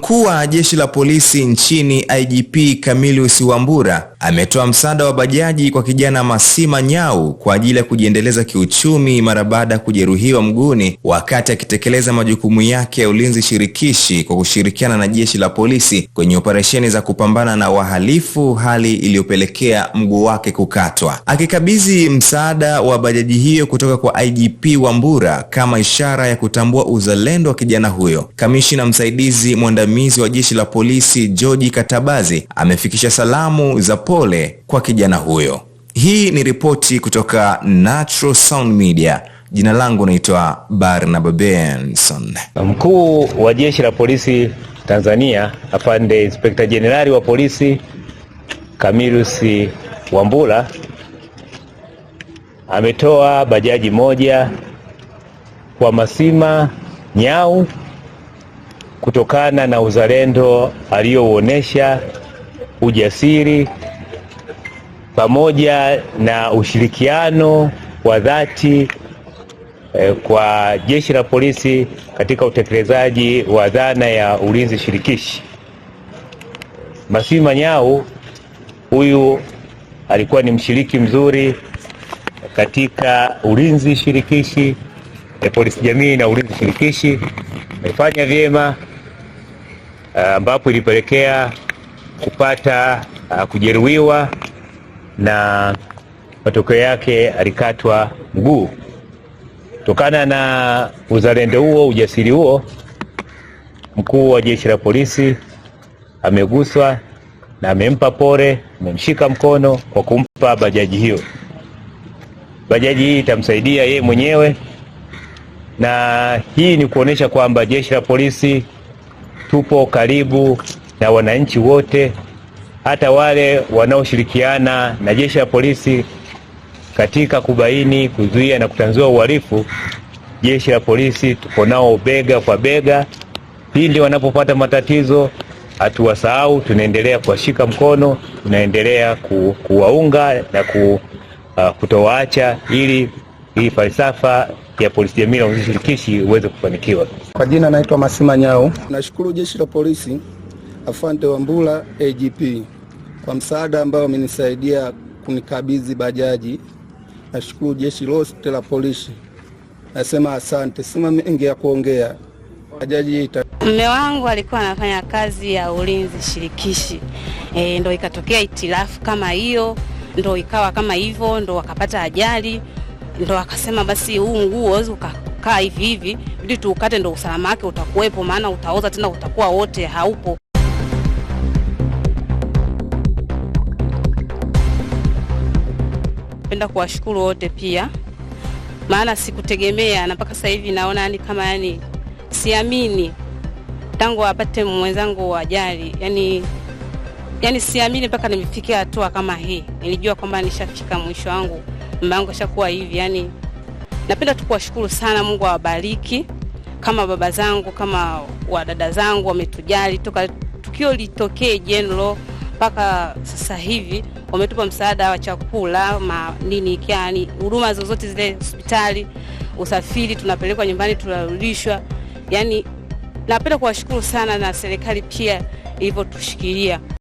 Mkuu wa Jeshi la Polisi nchini IGP Camillus Wambura ametoa msaada wa bajaji kwa kijana Masima Nyau kwa ajili ya kujiendeleza kiuchumi mara baada ya kujeruhiwa mguuni wakati akitekeleza majukumu yake ya ulinzi shirikishi kwa kushirikiana na Jeshi la Polisi kwenye operesheni za kupambana na wahalifu, hali iliyopelekea mguu wake kukatwa. Akikabidhi msaada wa bajaji hiyo kutoka kwa IGP Wambura kama ishara ya kutambua uzalendo wa kijana huyo, kamishna msaidizi mwandamizi mwandamizi wa jeshi la polisi George Katabazi amefikisha salamu za pole kwa kijana huyo. Hii ni ripoti kutoka Natural Sound Media. Jina langu naitwa Barnaba Benson. Mkuu wa jeshi la polisi Tanzania, afande Inspekta Jenerali wa polisi Camillus Wambura ametoa bajaji moja kwa Masima Nyau kutokana na uzalendo aliyouonesha, ujasiri pamoja na ushirikiano wa dhati eh, kwa jeshi la polisi katika utekelezaji wa dhana ya ulinzi shirikishi. Masima Nyau huyu alikuwa ni mshiriki mzuri katika ulinzi shirikishi ya polisi jamii na ulinzi shirikishi, amefanya vyema. Eh, ambapo uh, ilipelekea kupata uh, kujeruhiwa na matokeo yake alikatwa mguu. Kutokana na uzalendo huo, ujasiri huo, mkuu wa jeshi la polisi ameguswa na amempa pole, amemshika mkono kwa kumpa bajaji hiyo. Bajaji hii itamsaidia yeye mwenyewe, na hii ni kuonesha kwamba jeshi la polisi tupo karibu na wananchi wote, hata wale wanaoshirikiana na jeshi la polisi katika kubaini, kuzuia na kutanzua uhalifu. Jeshi la polisi tuko nao bega kwa bega, pindi wanapopata matatizo hatuwasahau, tunaendelea kuwashika mkono, tunaendelea ku, kuwaunga na ku, uh, kutowaacha ili hii falsafa ya polisi jamii na uhusisho shirikishi uweze kufanikiwa. Kwa jina naitwa Masima Nyao. Nashukuru jeshi la polisi, wa Wambula AGP kwa msaada ambao amenisaidia kunikabidhi bajaji. Nashukuru jeshi lote la polisi, nasema asante, sina mengi ya kuongea. Bajaji ita Mme wangu alikuwa anafanya kazi ya ulinzi shirikishi e, ndo ikatokea itilafu kama hiyo, ndo ikawa kama hivyo, ndo wakapata ajali ndo akasema basi, huu nguo wezi ukakaa hivi hivi, bidi tuukate, ndo usalama wake utakuwepo, maana utaoza tena, utakuwa wote haupo. Penda kuwashukuru wote pia, maana sikutegemea na mpaka sasa hivi naona yani kama yani siamini tangu apate mwenzangu ajali yani yani siamini mpaka nimefikia hatua kama hii. Nilijua kwamba nishafika mwisho wangu mama yangu ashakuwa hivi. Yani napenda tu kuwashukuru sana, Mungu awabariki kama baba zangu kama wadada zangu wametujali toka tukio litokee jenlo mpaka sasa hivi, wametupa msaada wa chakula ma nini, yani huduma zozote zile, hospitali, usafiri, tunapelekwa nyumbani, tunarudishwa. Yani napenda kuwashukuru sana, na serikali pia ilivyotushikilia.